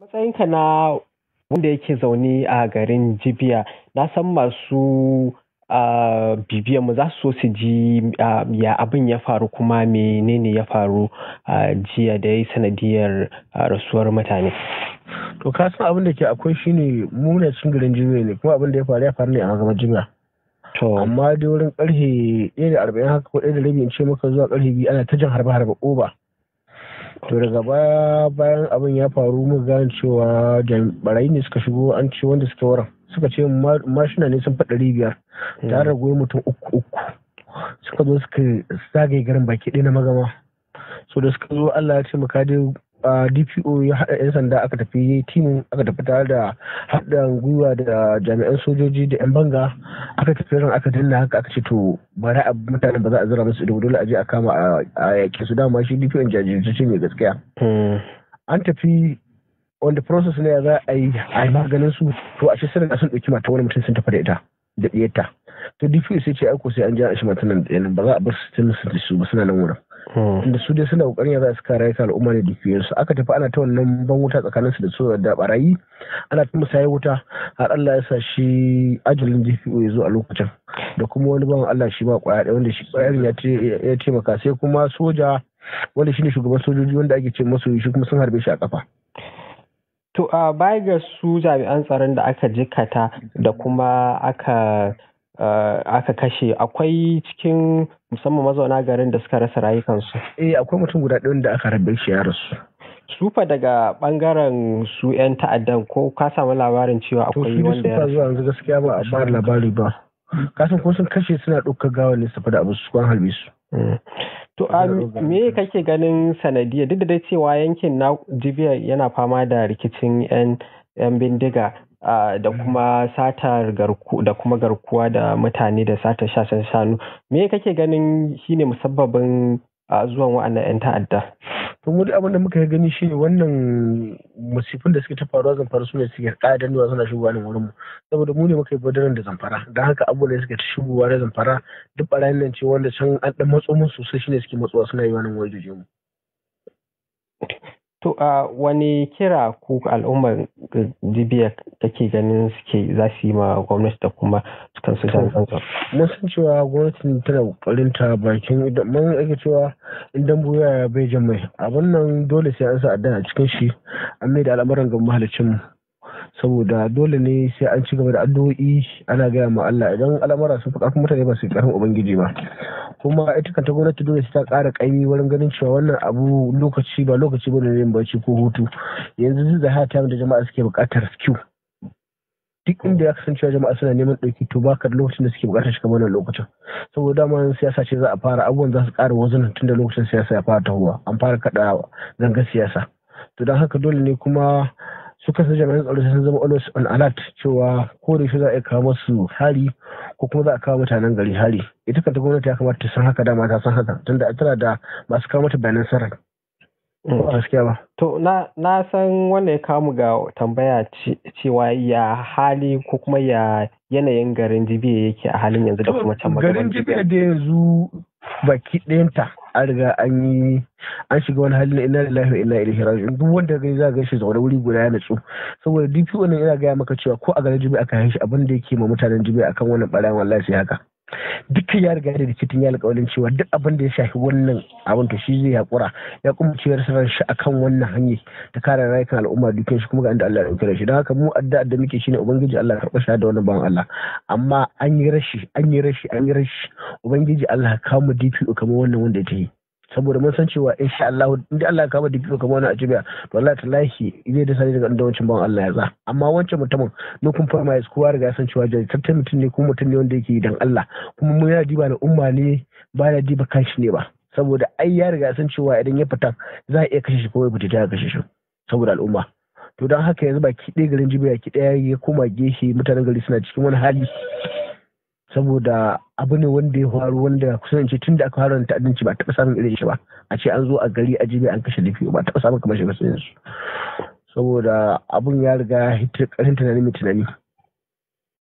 Matsayinka na wanda yake zaune a garin Jibiya, na san masu bibiyanmu za su so su ji ya abin ya faru kuma menene ya faru a jiya da ya yi sanadiyyar rasuwar mutane. To ka san abin da ke akwai shine mu na cikin garin Jibiya ne kuma abin da ya faru ya faru ne a mazabar Jibiya. To. Amma dai wurin ƙarfe 1:40 da arba'in haka ko 1:30 rabi in ce muka zuwa ƙarfe biyu ana ta jin harbe harba oba. to daga baya bayan abin ya faru mu gane cewa barayi ne suka shigo an ce wanda suka wara suka ce mashina ne sun ɗari biyar hmm. tare da goyi mutum uku uku suka zo suka zagaye garin baki ɗaya na magama so da suka zo Allah ya ce mu dai dpo ya haɗa 'yan sanda aka tafi timin aka tafi tare da haɗin gwiwa da jami'an sojoji da 'yan banga aka tafi ran aka danna haka aka ce to ba a mutanen ba za a zira musu idan dole a je a kama a yaƙi su dama shi dpo jajirce mai gaskiya hmm. an tafi wanda process ne za a yi a yi maganin su to a ce sanin a sun ɗauki mata wani mutum sun tafi da ita da ɗiyarta to dpo sai ce aiko sai an ja a shi matanan ba za a bar su su ba suna nan wurin Hmm. da su dai suna kokarin ya za su kare ka al'umma da su aka tafi ana ta wannan ban wuta tsakanin su da su da barayi ana ta yi wuta har Allah ya sa shi ajalin DPO ya zo a lokacin da kuma wani ban Allah shi ba kwaya wanda shi kwayarin ya taimaka sai kuma soja wanda shine shugaban sojoji wanda ake ce masu shi kuma sun harbe shi a kafa to a baya ga su jami'an tsaron da aka jikata da kuma aka Eh, aka kashe akwai cikin musamman mazauna garin da suka rasa rayukansu eh akwai mutum guda ɗaya da aka harbe shi ya rasu sufa daga bangaren su 'yan ta'addan ko ka samu labarin cewa akwai wanda ya zuwa yanzu gaskiya ba a ba labari ba kasan ko sun kashe suna ɗaukar gawar ne saboda abu su kwan harbe su mm. to a me kake ganin sanadiyya duk da dai cewa yankin na jibiya yana fama da rikicin 'yan bindiga da mm. kuma satar garku da kuma garkuwa da mutane da satar shashen shanu me kake ganin shine musabbabin zuwan wa'annan 'yan ta'adda to mu abin da muka gani shi ne wannan musifin da suke ta faruwa zamfara su ne suke ƙadan nuna suna shigowa ne wurinmu saboda mu ne muka yi badaran da zamfara don haka abu da suke ta shigowa da zamfara duk ɓarayin nan ce wanda can an ɗan matso mun sosai shine suke matsowa suna yi wannan wajeje mu. to a wani kira ku al'ummar jibiya take ganin suke za su yi ma gwamnati da kuma kan su jami'an tsaro. Mun san cewa gwamnatin tana kokarin ta bakin idan mun ake cewa idan buya ya bai jan mai abin nan dole sai an sa adda a cikin shi an mai da al'amuran ga mahalicin mu. saboda dole ne sai an ci gaba da addu'o'i ana gaya ma Allah idan al'amura sun fi mutane ba su ƙarfin ubangiji ba kuma ita kanta gwamnati dole ta kara kaimi wurin ganin cewa wannan abu lokaci ba lokaci ba ne bacci ko hutu yanzu da haya da jama'a suke buƙatar skill duk inda ya kasancewa jama'a suna neman ɗauki to baka da lokacin da suke buƙatar shiga wannan lokacin saboda dama siyasa ce za a fara abubuwan za su ƙara wazan tun da lokacin siyasa ya fara tahowa an fara kaɗa ga siyasa to don haka dole ne kuma su kasance jami'an tsaro sun zama always on alert cewa ko da shi za a kawo masu hari ko kuma za a kawo mutanen gari hari ita kanta gwamnati ya kamata ta san haka dama ta san haka tunda tana da masu kawo mata bayanan sarari na san wanda ya kamu ga tambaya cewa ya hali ko kuma ya yanayin garin jibiya yake a halin yanzu da kuma can garin jibiya da yanzu baki ɗayanta an riga an yi an shiga wani halin ina da lafiya ina ilaihi rajin duk wanda gani za ga shi zaune wuri guda ya natsu saboda DPO nan ina gaya maka cewa ko a garin Jibi aka haishi abin da yake ma mutanen Jibi akan wannan barayin wallahi sai haka dukkan ya riga da rikicin ya alƙawarin cewa duk abin da ya shafi wannan abin to shi zai haƙura ya kuma ciyar sanar shi akan wannan hanyar ta kare rayukan al'umma dukkan shi kuma ga inda Allah ya ɗauke da shi don haka mu addu'a da muke shine ubangiji Allah karɓa shi da wannan bawan Allah amma an yi rashi an yi rashi an yi rashi ubangiji Allah ka mu DPO kamar wannan wanda ya ta yi saboda mun san cewa insha Allah in da Allah ya kama digiro kuma wani ajibiya to Allah ta lahi zai da sani daga inda wancan ban Allah ya za amma wancan mutumin no compromise kowa riga san cewa jajjantar mutum ne ko mutum ne wanda yake dan Allah kuma mun yana diba na umma ne ba ya diba kanshi ne ba saboda ai ya riga san cewa idan ya fita za a iya kashe shi ko ya fita ya kashe shi saboda al'umma to don haka yanzu baki ɗaya garin jibiya ki ɗaya ya koma gehe mutanen gari suna cikin wani hali saboda abu ne wanda ya faru wanda kusan ce tun da aka fara ta'addanci ba taɓa samun irin shi ba a ce an zo a gari a jibi an kashe dafi ba taɓa samun kamar shi ba saboda abun ya riga ya hitar ƙarfin tunani mai tunani